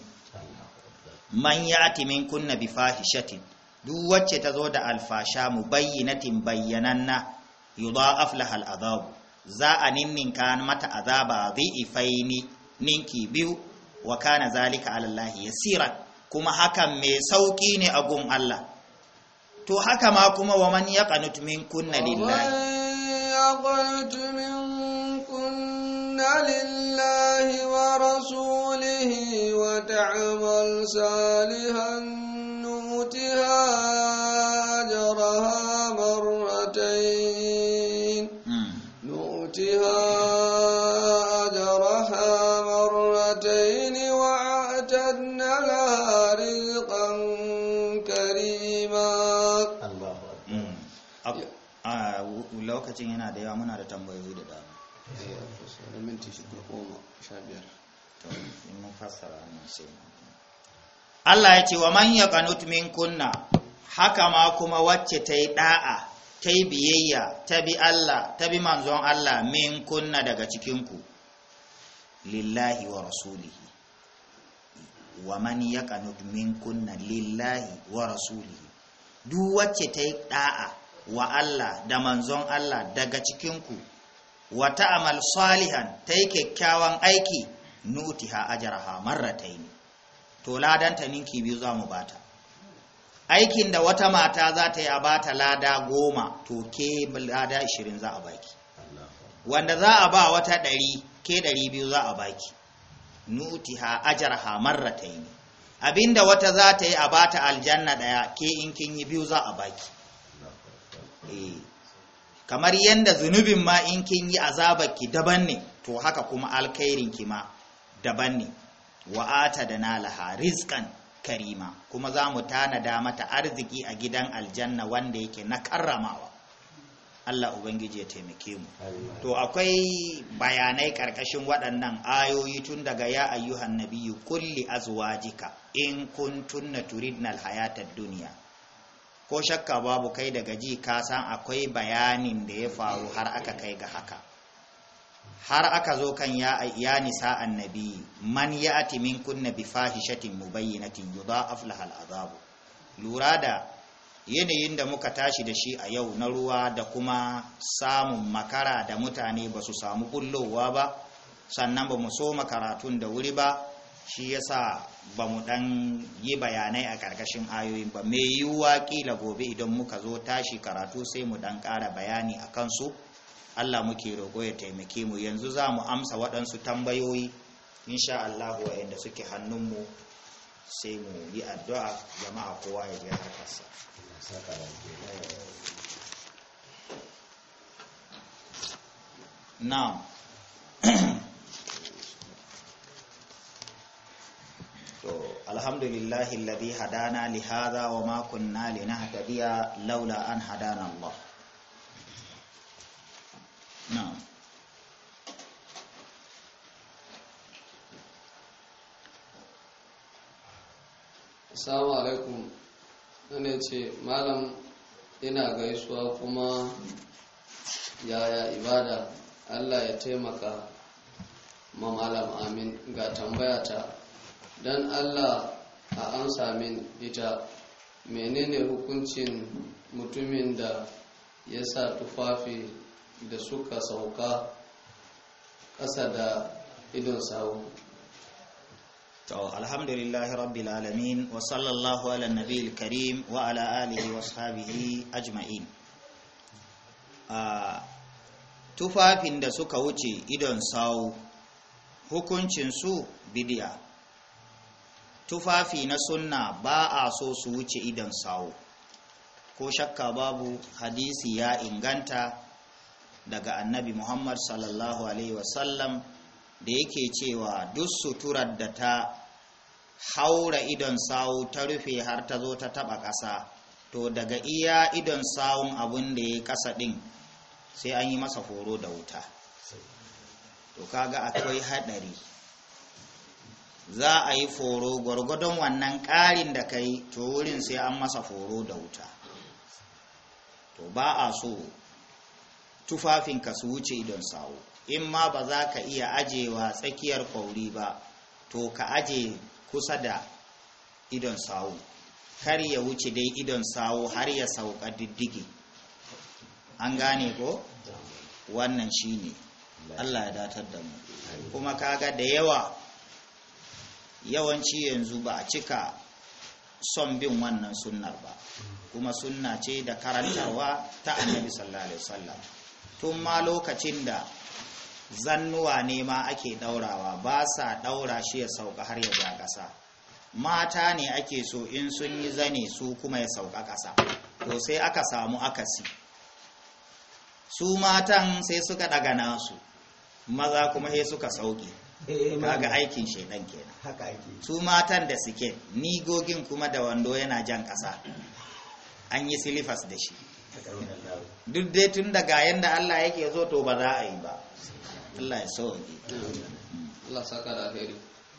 man timin kunna bi fahishatin duk wacce ta zo da alfasha mu bayyinatin bayyananna yudha'af laha al'adab za a kan mata azaba dhi'ifaini ninki biyu wa kana zalika 'ala Allah yasira kuma hakan mai sauki ne a gun Allah to haka ma kuma wa man yaqanut kunna lillahi yaqanut min لله ورسوله وتعمل صالحا نؤتها أجرها مرتين نؤتها أجرها مرتين وأعتدنا لها رزقا كريما الله أكبر lokacin yana da yawa muna da tambayoyi da Allah ya ce wa man ya kanut min kunna haka ma kuma wacce ta yi ɗa'a ta yi biyayya ta bi Allah ta bi manzon Allah min kunna daga cikinku lillahi wa rasulihi wa man ya kanut min kunna lillahi wa rasulihi duk wacce ta yi ɗa'a wa Allah da manzon Allah daga cikinku wa ta'amal salihan ta yi kyakkyawan aiki ha ajraha ni. to ladanta ninki biyu za mu bata aikin da wata mata za ta yi a bata lada goma to ke lada ishirin za a baki wanda za a ba wata ɗari ke ɗari biyu za a baki nutiha ajraha marratayn abinda wata za ta yi a bata aljanna ɗaya ke in kin yi biyu za a baki eh. kamar yadda zunubin ma in kin yi azabar ki daban ne to haka kuma alkhairin ki ma daban ne wa ata da nalaha rizkan karima kuma za mu tanada mata arziki a gidan aljanna wanda yake na karramawa Allah Ubangiji ya taimake mu to akwai bayanai ƙarƙashin waɗannan ayoyi tun daga ya ayyuhan nabiyyu kulli azwajika in kuntunna turidnal hayatad duniya. ko shakka babu kai daga ji ka san akwai bayanin da ya faru har aka kai ga haka har aka zo kan ya, ya nisa annabi man ya ati min kunna bi fahishatin mubayyinatin yudha'af laha al'azab lura da yanayin da muka tashi da shi a yau na ruwa da kuma samun makara da mutane ba su samu kullowa ba sannan ba mu so makaratun da wuri ba shi yasa ba mu dan yi bayanai a ƙarƙashin ayoyin ba mai yiwuwa ƙila gobe idan muka zo tashi karatu sai mu dan ƙara bayani a kansu Allah muke roƙo ya taimake mu yanzu za mu amsa waɗansu tambayoyi insha Allah waɗanda suke hannunmu sai mu yi addu'a jama'a kowa ya je harkarsa na'am alhamdulillahi alladhi hadana li hadha wa ma kunna linahtadiya laula an hadana Allah na'am Assalamu alaikum ne ce malam ina gaisuwa kuma yaya ibada Allah ya taimaka ma malam amin ga tambayata don allah a amsa min ita menene hukuncin mutumin da ya sa tufafi da suka sauka ƙasa da idon sawu To, alhamdulillahi rabbil alamin wa sallallahu ala karim wa ala alihi wa sahabihi ajma'in. Tufafin da suka wuce idon sawu hukuncinsu bidiya. tufafi na sunna ba a so su wuce idan sawo ko shakka babu hadisi ya inganta daga annabi muhammad sallallahu alaihi wasallam da yake cewa duk suturar da ta haura idon sawo ta rufe har ta zo ta taba ƙasa to daga iya idon sawun abin da ya ƙasa ɗin sai an yi masa horo da wuta to kaga akwai haɗari za a yi foro gwargwadon wannan ƙarin da ka to wurin sai an masa foro da wuta to ba a so tufafinka su wuce idon sawo in ma ba za ka iya ajewa tsakiyar kwauri ba to ka aje kusa da idon sawo kar ya wuce dai idon sawo har ya sauka diddigi an gane ko wannan shine Allah ya datar da mu kuma kaga da yawa yawanci yanzu ba a cika son bin wannan sunnar ba kuma sunna ce da karantarwa ta annabi sallallahu alaihi wasallam tun ma lokacin da zannuwa ne ma ake daurawa ba sa daura shi ya sauka har ya ja ƙasa mata ne ake so in sun yi zane su kuma ya sauka ƙasa to sai aka samu akasi su matan sai suka daga nasu maza kuma sai suka sauke Eh, kaga aikin shaidan kenan su matan da suke nigogin kuma da wando yana jan kasa an yi silifas da shi duk dai tun daga yanda Allah yake zo to ba za a yi ba Allah ya sauke Allah saka da alheri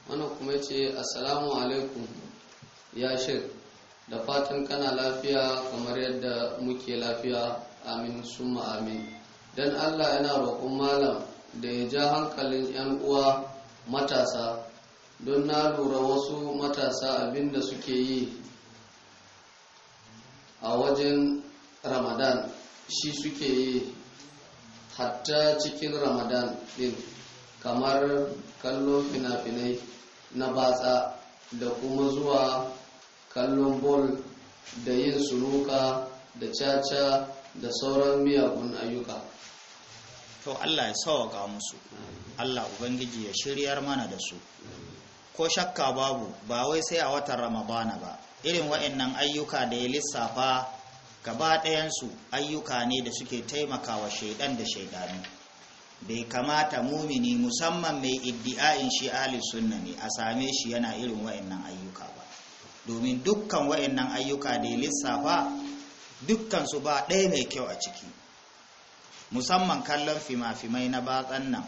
wannan kuma yace assalamu alaikum ya shek da fatan kana lafiya kamar yadda muke lafiya amin summa amin dan Allah yana roƙon malam da ya ja hankalin 'yan uwa matasa don na lura wasu matasa abinda suke yi a wajen ramadan shi suke yi hatta cikin ramadan din kamar kallon fina-finai na batsa da kuma zuwa kallon bol da yin suruka da caca da sauran miyagun ayyuka To Allah ya sawaka musu Allah ubangiji ya shiryar mana da su ko shakka babu ba wai sai a watan ramadana ba irin wa'annan ayyuka da ya lissafa gaba ɗayansu ayyuka ne da suke taimakawa shaidan da shaidanu bai kamata mumini musamman mai iddi'a'in shi ahli sunna ne a same shi yana irin wa'annan ayyuka ba domin dukkan wa'annan ayyuka da ya lissafa dukkan su ba ɗaya mai kyau a ciki musamman kallon fima-fimai na batsan nan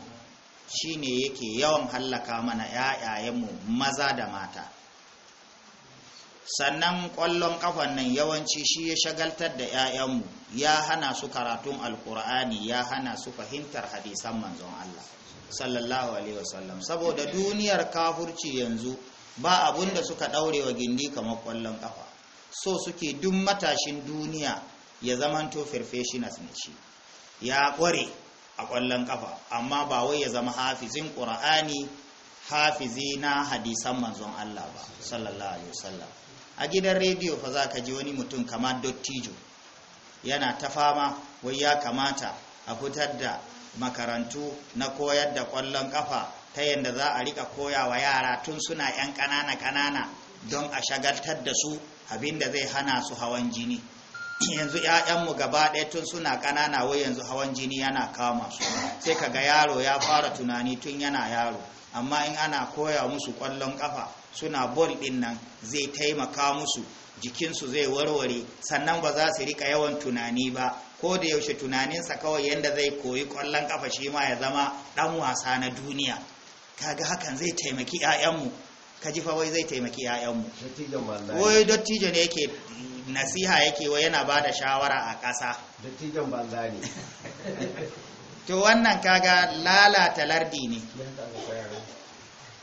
shi ne yake yawan hallaka mana ‘ya'yayenmu maza da mata sannan ƙwallon ƙafan nan yawanci shi ya shagaltar da ‘ya'yanmu ya hana su karatun alkur'ani ya hana su fahimtar hadisan manzon Allah sallallahu alaihi wasallam saboda duniyar kafurci yanzu ba abun da suka ɗaure wa gindi kamar kwallon ƙafa so suke duk matashin duniya ya zamanto farfeshinas ne shi ya ƙware a ƙwallon ƙafa amma ba wai ya zama hafizin ƙura'ani hafizi na hadisan manzon Allah ba sallallahu alaihi wasallam a gidan rediyo fa za ka ji wani mutum kamar dottijo yana ta fama wai ya kamata a fitar da makarantu na koyar da ƙwallon ƙafa ta yadda za a riƙa koyawa yara tun suna 'yan ƙanana-ƙanana don a shagaltar da su abinda zai hana su hawan jini yanzu ‘ya'yanmu gaba ɗaya tun suna ƙanana wai yanzu hawan jini yana kama su sai kaga yaro ya fara tunani tun yana yaro amma in ana koya musu ƙwallon ƙafa suna bol ɗin nan zai taimaka musu jikinsu zai warware sannan ba za su rika yawan tunani ba ko da yaushe tunaninsa kawai yadda zai koyi ƙwallon ƙafa shi ma ya zama ɗan wasa na duniya kaga hakan zai taimaki ‘ya'yanmu ka ji fa wai zai taimaki ‘ya'yanmu wai dattijo ne yake nasiha yake wa yana ba da shawara a ƙasa dattijan banza ne to wannan kaga lalata lardi ne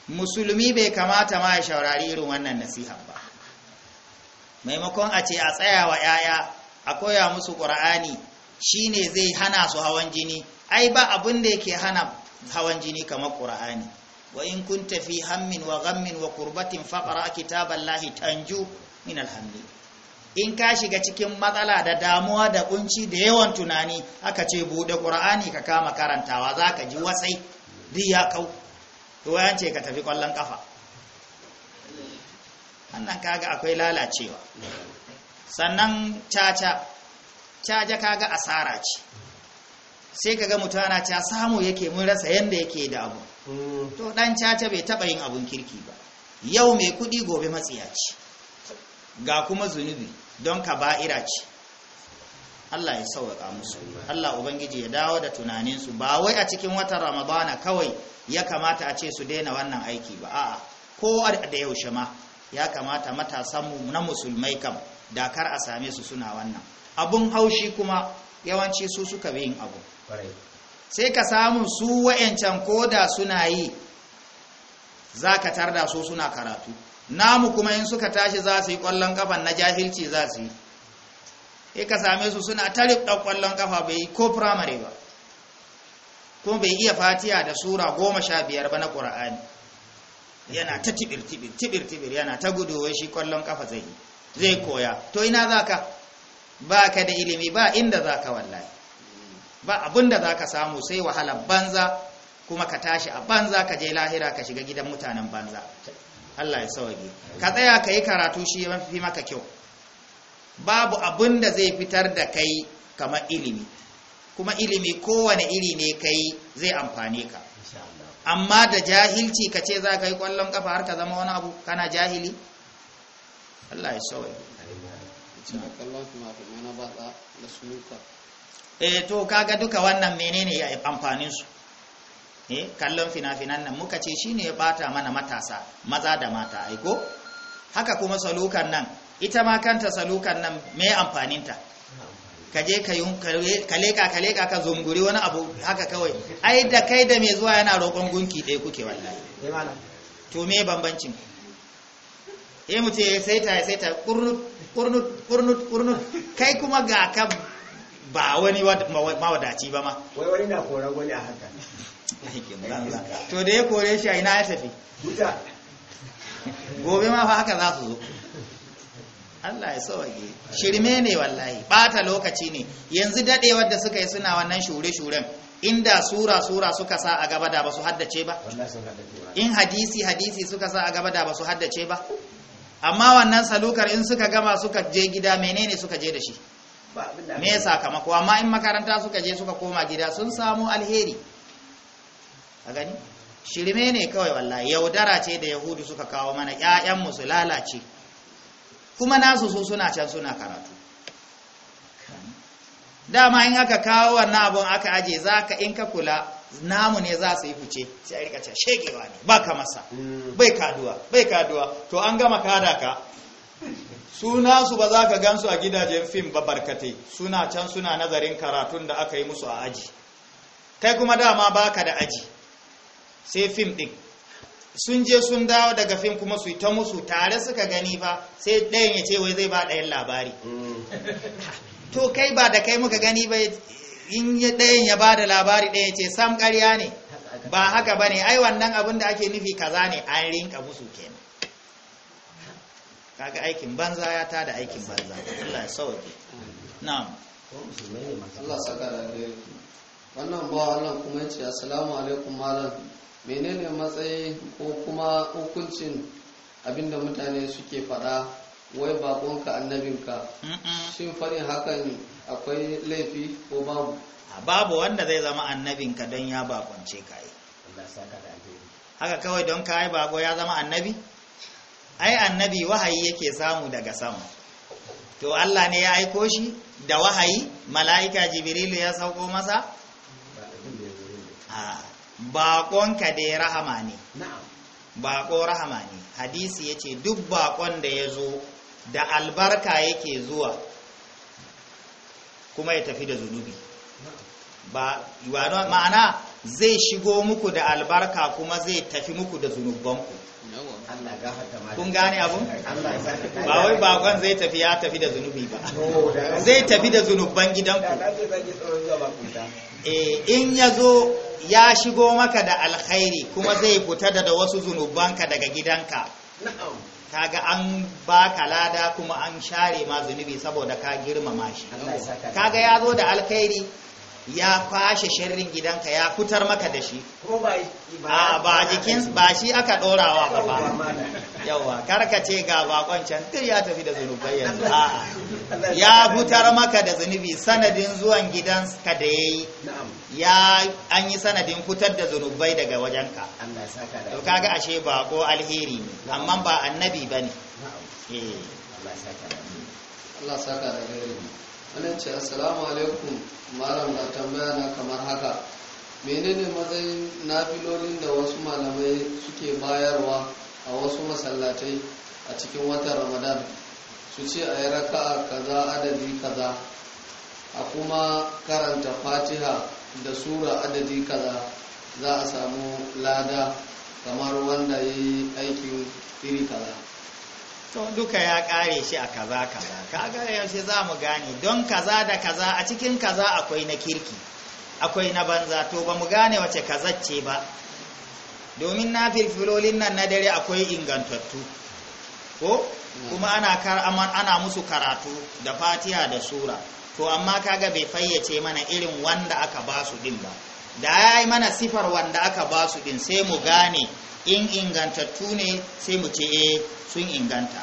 musulmi bai kamata ma ya shaurari irin wannan nasiha ba maimakon a ce a tsaya wa 'ya'ya a koya musu ƙura'ani ne zai hana su hawan jini ai ba abin da yake hana hawan jini kamar ƙura'ani wa in kun tafi hammin wa gammin wa kurbatin faqra kitaballahi tanju min alhamdi in ka shiga cikin matsala da damuwa da kunci da yawan tunani aka ce bude qur'ani ka kama karantawa zaka ji wasai duk ya kau to wayan ce ka tafi kwallon kafa annan kaga akwai lalacewa sannan caca caja kaga asara ce sai kaga mutana ana ca samu yake mun rasa yanda yake da abu hmm. to dan caca bai taba yin abun kirki ba yau mai kudi gobe matsiyaci ga kuma zunubi don ka ba'ira ce Allah ya sauƙa musu Allah ubangiji ya dawo da tunaninsu ba wai a cikin watan ramadana kawai ya kamata a ce su daina wannan aiki ba a'a ko da yaushe ma ya kamata matasanmu na musulmai kam dakar a same su suna wannan abun haushi kuma yawanci su suka bi yin abu sai ka samu su wa'yancan da suna yi za ka tarda su suna karatu namu kuma in suka tashi za su yi ƙwallon ƙafa na jahilci za su yi e ka same su suna tarif ɗan ƙwallon ƙafa bai yi ko firamare ba kuma bai iya fatiya da sura goma sha biyar ba na ƙura'ani yana ta tibir-tibir yana ta guduwa shi ƙwallon ƙafa zai zai koya to ina za ka ba ka da ilimi ba inda za ka wallahi ba abin da za ka samu sai wahala banza kuma ka tashi a banza ka je lahira ka shiga gidan mutanen banza Allah ya sauke ka tsaya ka yi karatu shi ya fi maka kyau babu abin da zai fitar da kai kamar ilimi kuma ilimi kowane iri ne kai zai amfane ka amma da jahilci ka ce za ka yi kwallon kafa har ka zama wani abu kana jahili Allah ya sauke eh to kaga duka wannan menene ya amfanin su eh kallon fina-finan nan muka ce shine ya bata mana matasa maza da mata aiko haka kuma salukan nan ita ma kanta salukan nan me amfaninta ka je ka leka ka leka ka zunguri wani abu haka kawai ai da kai da mai zuwa yana roƙon gunki dai kuke wallahi eh, to me bambancin eh mu ce sai ta sai kurnut kurnut kurnut kurnut kai kuma ga ka ba wani mawadaci ba ma wai wani na koran wani a haka to da ya kore shi a ina ya tafi gobe ma fa haka za su zo Allah ya sauke shirme ne wallahi bata lokaci ne yanzu dadewar da suka yi suna wannan shure-shuren inda sura-sura suka sa a gaba da ba su haddace ba in hadisi-hadisi suka sa a gaba da ba su haddace ba amma wannan salukar in suka gama suka je gida menene suka je da shi me sakamako amma in makaranta suka je suka koma gida sun samu alheri a gani shirme ne kawai wallahi yaudara ce da yahudu suka kawo mana ƴaƴanmu su lalace kuma nasu su suna can suna karatu dama in aka kawo wannan abun aka aje ka in ka kula namu ne za su yi fice sai a rikacin shegewa ne ba ka masa mm. bai kaduwa bai kaduwa to an gama kada ka suna su ba za ka gansu a gidajen fim ba barkatai suna can suna nazarin karatun da aka yi musu a aji kai kuma dama baka da aji sai fim ɗin sun je sun dawo daga fim kuma su ta musu tare suka gani fa sai ɗayan ya ce wai zai ba ɗayan labari mm. to kai ba da kai muka gani ba in ɗayan ya ba da labari ɗaya ce sam ƙarya ne ba haka ba ne ai wannan abin da ake nufi kaza ne an rinka musu kenan kaga aikin banza ya tada aikin banza Allah ya sauke na'am Allah saka da wannan ba Allah kuma ya ce assalamu alaikum malam menene matsayi ko kuma hukuncin abinda mutane suke faɗa wai bakonka annabinka shin farin hakan akwai laifi ko babu babu wanda zai zama annabinka don ya bakonce ka yi haka kawai don ka yi bako ya zama annabi ai annabi wahayi yake samu daga sama to Allah ne ya aiko shi da wahayi mala'ika jibrilu ya sauko masa Baƙon ka dai rahama ne baƙo rahama ne hadisi ya ce duk baƙon da ya zo da albarka yake zuwa kuma ya tafi da zunubi ba ma'ana zai shigo muku da albarka kuma zai tafi muku da zunubanku kun gane abu? ba wai bakon zai tafi ya tafi da zunubi ba zai tafi da zunuban gidanku Eh, in ya zo ya shigo maka da alkhairi kuma zai fita da wasu zunubanka daga gidanka kaga an baka lada kuma an share ma zunubi saboda ka girmama shi kaga ya zo da alkhairi ya kwashe shirin gidanka ya fitar maka da shi ba jikin ba shi aka dorawa ba ba yawa karkace ga bakon can ya tafi da zunubai yanzu ya fitar maka da zunubi sanadin zuwan gidanka da yi. ya an yi sanadin fitar da zunubai daga wajenka ka. to kaga ashe ba ko alheri ne amma ba annabi ba ne. Eh. Allah saka da wani ce assalamu alaikum malam na tambaya na kamar haka menene matsayin nafilolin da wasu malamai suke bayarwa a wasu masallatai a cikin watan ramadan su ce a yi raka'a kaza adadi kaza a kuma karanta fatiha da sura adadi kaza za a samu lada kamar wanda ya yi aikin iri kaza to duka ya kare shi a kaza kaza kaga yaushe za mu gane don kaza da kaza a cikin kaza akwai na kirki akwai na banza to ba mu gane wace kazacce ba domin na filfilolin nan na dare akwai ingantattu ko kuma ana kar ana musu karatu da fatiha da sura to amma kaga bai fayyace mana irin wanda aka basu su din ba da ya yi mana sifar wanda aka ba su din sai mu gane in ingantattu ne sai mu ce e sun inganta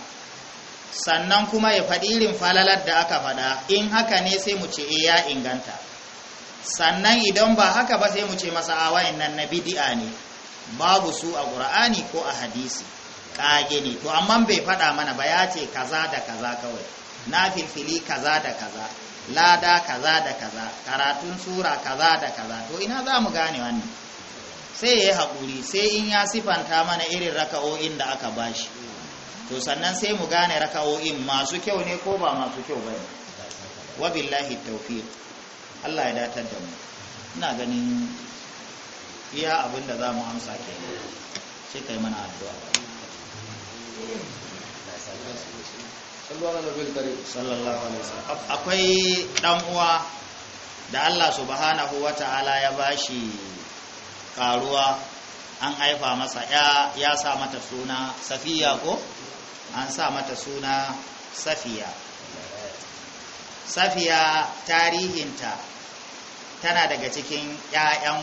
sannan kuma ya faɗi irin falalar da aka faɗa in haka ne sai mu ce e ya inganta sannan idan ba haka ba sai mu ce masa a nan na bidi'a ne babu su a ƙur'ani ko a hadisi ƙage ne to amma bai faɗa mana ba ya ce kaza da kaza kawai na filfili kaza da kaza lada kaza da kaza karatun sura kaza da kaza to ina za mu gane wannan sai ya haƙuri sai in ya sifanta mana irin raka'o'in da aka bashi to sannan sai mu gane raka'o'in masu kyau ne ko ba masu kyau ba ne wa billahi Allah ya datar da mu ina ganin iya abin da za mu amsa ke sai kai mana addu'a akwai dan uwa da Allah subhanahu ta'ala ya shi karuwa an haifa masa ya ya sa mata suna safiya ko an sa mata suna safiya safiya tarihinta tana daga cikin 'ya'yan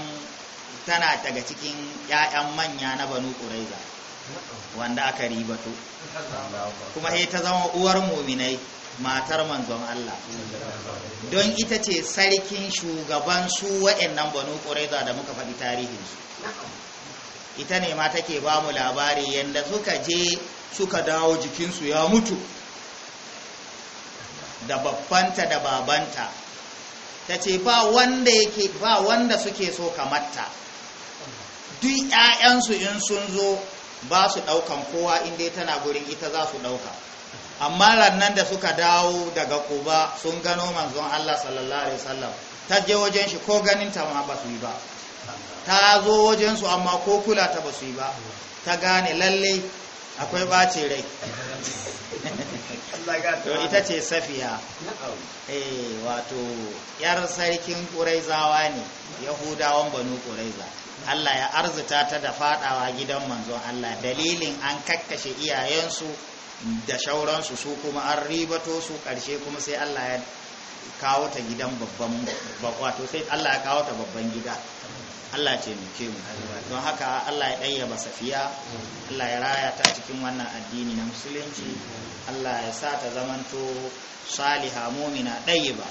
tana daga cikin ƴaƴan manya na banu quraiza wanda aka ribato kuma sai ta zama uwar muminai matar manzon Allah don ita ce sarkin shugaban su wa'annan banu ƙuraiza da muka faɗi tarihinsu ita ne ma take ba mu labari yadda suka je suka dawo jikinsu ya mutu da babbanta da babanta ta ce ba wanda yake ba wanda suke so kamatta duk 'ya'yansu in sun zo ba su ɗaukan kowa inda tana gurin ita za su ɗauka amma rannan da suka dawo daga kuba sun gano manzon Allah sallallahu alaihi wasallam ta je wajen shi ko ganin ta ma ba su yi ba ta zo wajen su amma ko kula ta ba su yi ba ta gane lalle akwai bace rai ita ce safiya eh wato yar sarkin ƙuraizawa ne yahudawan banu ƙuraiza Allah ya arzuta ta da fadawa gidan manzon Allah dalilin an kakkashe iyayensu da shauransu su kuma an ribato su ƙarshe kuma sai Allah ya kawo ta gidan babban wato sai Allah ya kawo ta babban gida Allah ce ke mu don haka Allah ya ɗayyaba safiya Allah ya raya ta cikin wannan addini na musulunci Allah ya sa ta zamanto saliha mumina ɗayyaba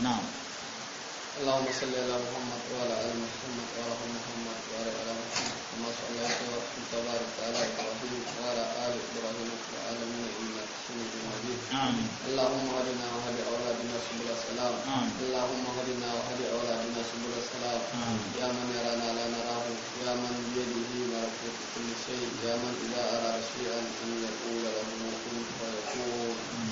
na'am اللهم صل على محمد وعلى ال محمد وعلى ال محمد وعلى ال محمد كما صليت وسلمت وبارك على ابراهيم وعلى ال ابراهيم في العالمين انك حميد مجيد اللهم هدنا وهد اولادنا سبل السلام اللهم هدنا وهد اولادنا سبل السلام يا من يرانا لا نراه يا من بيده ملكوت كل شيء يا من اذا اراد شيئا ان يقول له كن فيكون